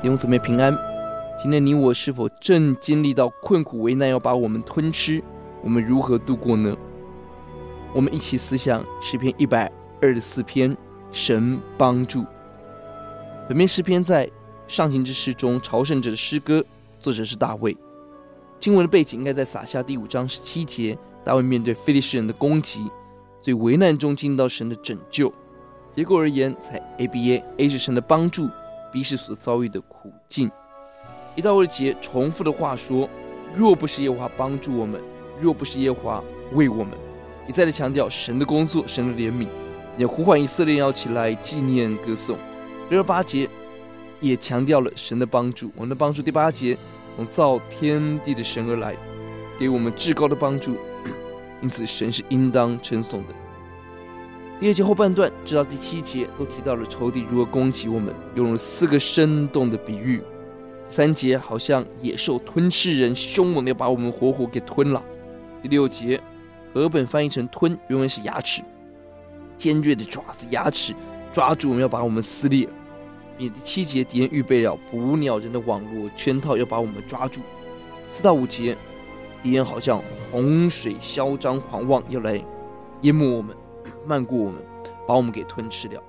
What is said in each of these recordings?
弟兄姊妹平安，今天你我是否正經歷到困苦危難，要把我們吞吃？我們如何度過呢？我們一起思想詩篇一百二十四篇，神幫助。本篇詩篇在上行之詩中，朝聖者的詩歌，作者是大衛。經文的背景應該在撒下第五章十七節，大衛面對非利士人的攻擊，最危難中經歷到神的拯救。結果而言，才 A B A，A 是神的幫助，B 是所遭遇的。苦境，一到二節重複的話說：若不是耶和華幫助我們，若不是耶和華為我們，一再的強調神的工作、神的憐憫，也呼喚以色列要起來紀念歌頌。六到八節也強調了神的幫助，我們的幫助第八節從造天地的神而來，給我們至高的幫助，因此神是應當稱頌的。第二節後半段，直到第七節都提到了仇敵如何攻擊我們，用了四個生動的比喻。第三節好像野獸吞吃人，兇猛的要把我們活活給吞了。第六節，和合本翻譯成“吞”，原文是牙齒，尖銳的爪子、牙齒抓住我們要把我們撕裂。第七節，敵人預備了捕鳥人的網羅圈套，要把我們抓住。四到五節，敵人好像洪水，囂張狂妄，要來淹沒我們。漫過我們，把我們給吞吃掉。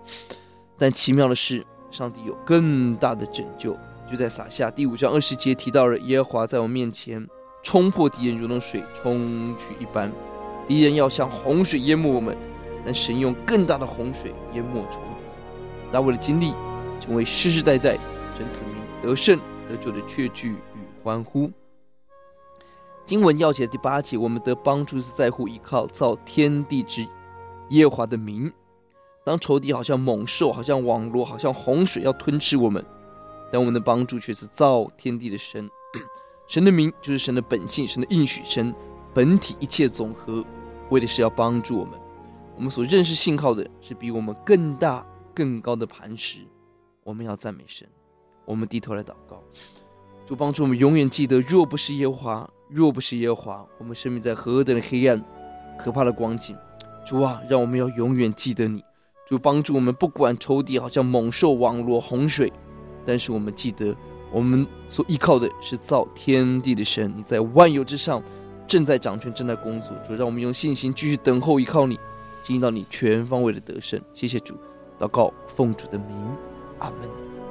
但奇妙的是，上帝有更大的拯救，就在撒下第五章二十節提到了耶和華在我面前衝破敵人如同水衝去一般。敵人要像洪水淹沒我們，但神用更大的洪水淹沒仇敵。大衛的經歷成為世世代代神子民得勝得救的確據與歡呼。經文鑰節第八節，我們得幫助是在乎倚靠造天地之。耶和華的名，當仇敵好像猛獸，好像網羅，好像，好像洪水要吞吃我們，但我們的幫助卻是造天地的神，神的名就是神的本性，神的應許，神本體一切總和，為的是要幫助我們。我們所認識信靠的是比我們更大更高的磐石，我們要讚美神，我們低頭來禱告，主幫助我們永遠記得，若不是耶和華，若不是耶和華，我們生命在何等的黑暗、可怕的光景。主啊，讓我們要永遠記得你，主幫助我們，不管仇敵好像猛獸、網羅、洪水，但是我們記得，我們所依靠的是造天地的神。你在萬有之上，正在掌權，正在工作。主，讓我們用信心繼續等候，依靠你，經歷到你全方位的得勝。謝謝主，禱告奉主的名，阿門。